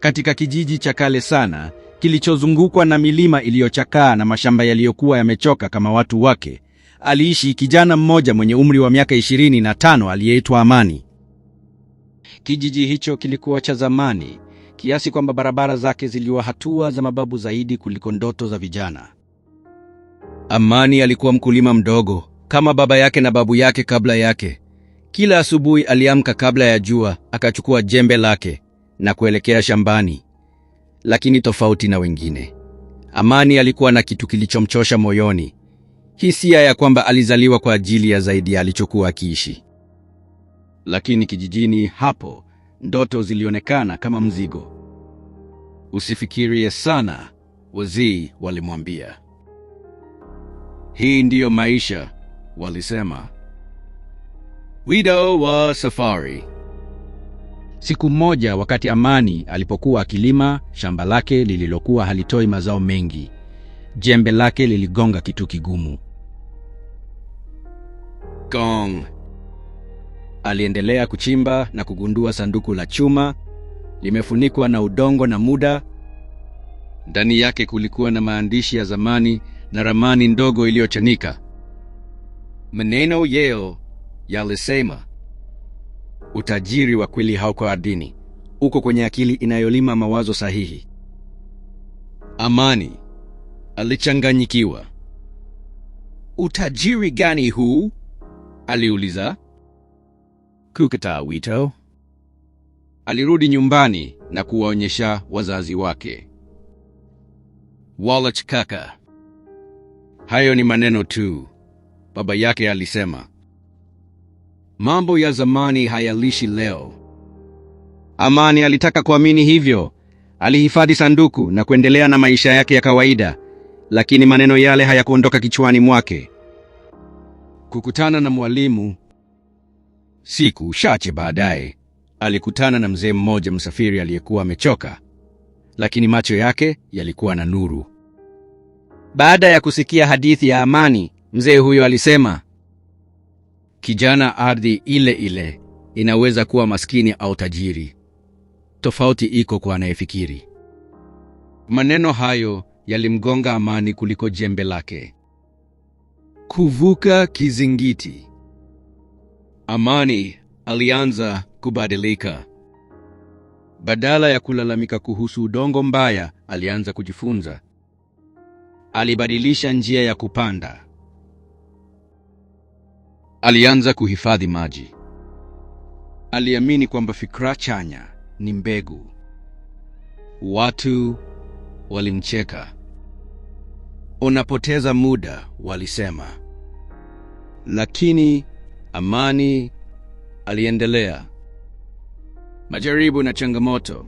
katika kijiji cha kale sana kilichozungukwa na milima iliyochakaa na mashamba yaliyokuwa yamechoka kama watu wake, aliishi kijana mmoja mwenye umri wa miaka 25 aliyeitwa Amani. Kijiji hicho kilikuwa cha zamani kiasi kwamba barabara zake ziliwa hatua za mababu zaidi kuliko ndoto za vijana. Amani alikuwa mkulima mdogo kama baba yake na babu yake kabla yake. Kila asubuhi aliamka kabla ya jua, akachukua jembe lake na kuelekea shambani. Lakini tofauti na wengine, Amani alikuwa na kitu kilichomchosha moyoni, hisia ya kwamba alizaliwa kwa ajili ya zaidi ya alichokuwa akiishi. Lakini kijijini hapo, ndoto zilionekana kama mzigo. Usifikirie sana, wazee walimwambia. Hii ndiyo maisha, walisema. Wido wa safari Siku moja wakati Amani alipokuwa akilima shamba lake lililokuwa halitoi mazao mengi, jembe lake liligonga kitu kigumu. Gong! Aliendelea kuchimba na kugundua sanduku la chuma limefunikwa na udongo na muda. Ndani yake kulikuwa na maandishi ya zamani na ramani ndogo iliyochanika. Maneno yeo yalisema Utajiri wa kweli hauko ardhini, uko kwenye akili inayolima mawazo sahihi. Amani alichanganyikiwa. Utajiri gani huu? aliuliza. Kukataa wito, alirudi nyumbani na kuwaonyesha wazazi wake. Wallach kaka, hayo ni maneno tu, baba yake alisema. Mambo ya zamani hayalishi leo. Amani alitaka kuamini hivyo. Alihifadhi sanduku na kuendelea na maisha yake ya kawaida, lakini maneno yale hayakuondoka kichwani mwake. Kukutana na mwalimu. Siku chache baadaye alikutana na mzee mmoja msafiri aliyekuwa amechoka, lakini macho yake yalikuwa na nuru. Baada ya kusikia hadithi ya Amani, mzee huyo alisema, kijana ardhi ile ile inaweza kuwa maskini au tajiri. Tofauti iko kwa anayefikiri. Maneno hayo yalimgonga Amani kuliko jembe lake. Kuvuka kizingiti. Amani alianza kubadilika. Badala ya kulalamika kuhusu udongo mbaya, alianza kujifunza. Alibadilisha njia ya kupanda alianza kuhifadhi maji. Aliamini kwamba fikra chanya ni mbegu. Watu walimcheka. Unapoteza muda, walisema. Lakini Amani aliendelea. Majaribu na changamoto.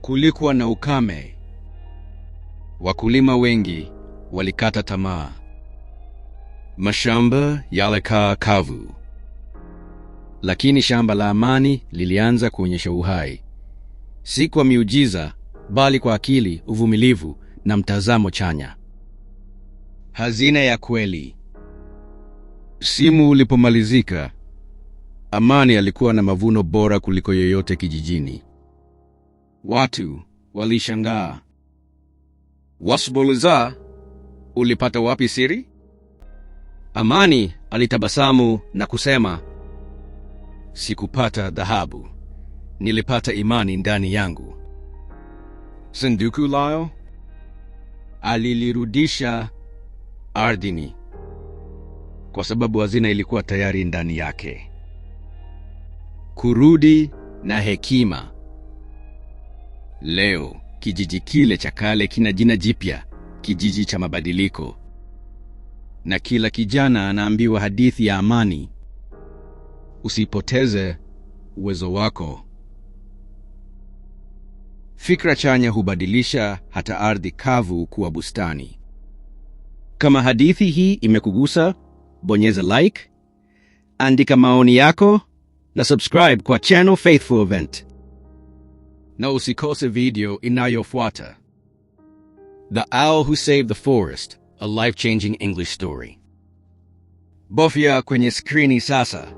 Kulikuwa na ukame. Wakulima wengi walikata tamaa. Mashamba yalikaa kavu, lakini shamba la amani lilianza kuonyesha uhai, si kwa miujiza, bali kwa akili, uvumilivu na mtazamo chanya. Hazina ya kweli. Msimu ulipomalizika, Amani alikuwa na mavuno bora kuliko yoyote kijijini. Watu walishangaa, wasboliza, ulipata wapi siri? Amani alitabasamu na kusema, sikupata dhahabu, nilipata imani ndani yangu. Sanduku lao alilirudisha ardhini kwa sababu hazina ilikuwa tayari ndani yake. Kurudi na hekima. Leo kijiji kile cha kale kina jina jipya, kijiji cha mabadiliko na kila kijana anaambiwa hadithi ya amani. Usipoteze uwezo wako. Fikra chanya hubadilisha hata ardhi kavu kuwa bustani. Kama hadithi hii imekugusa, bonyeza like, andika maoni yako na subscribe kwa channel Faithful Event, na usikose video inayofuata, The Owl Who Saved the Forest. a life changing English story. Bofia kwenye skrini sasa.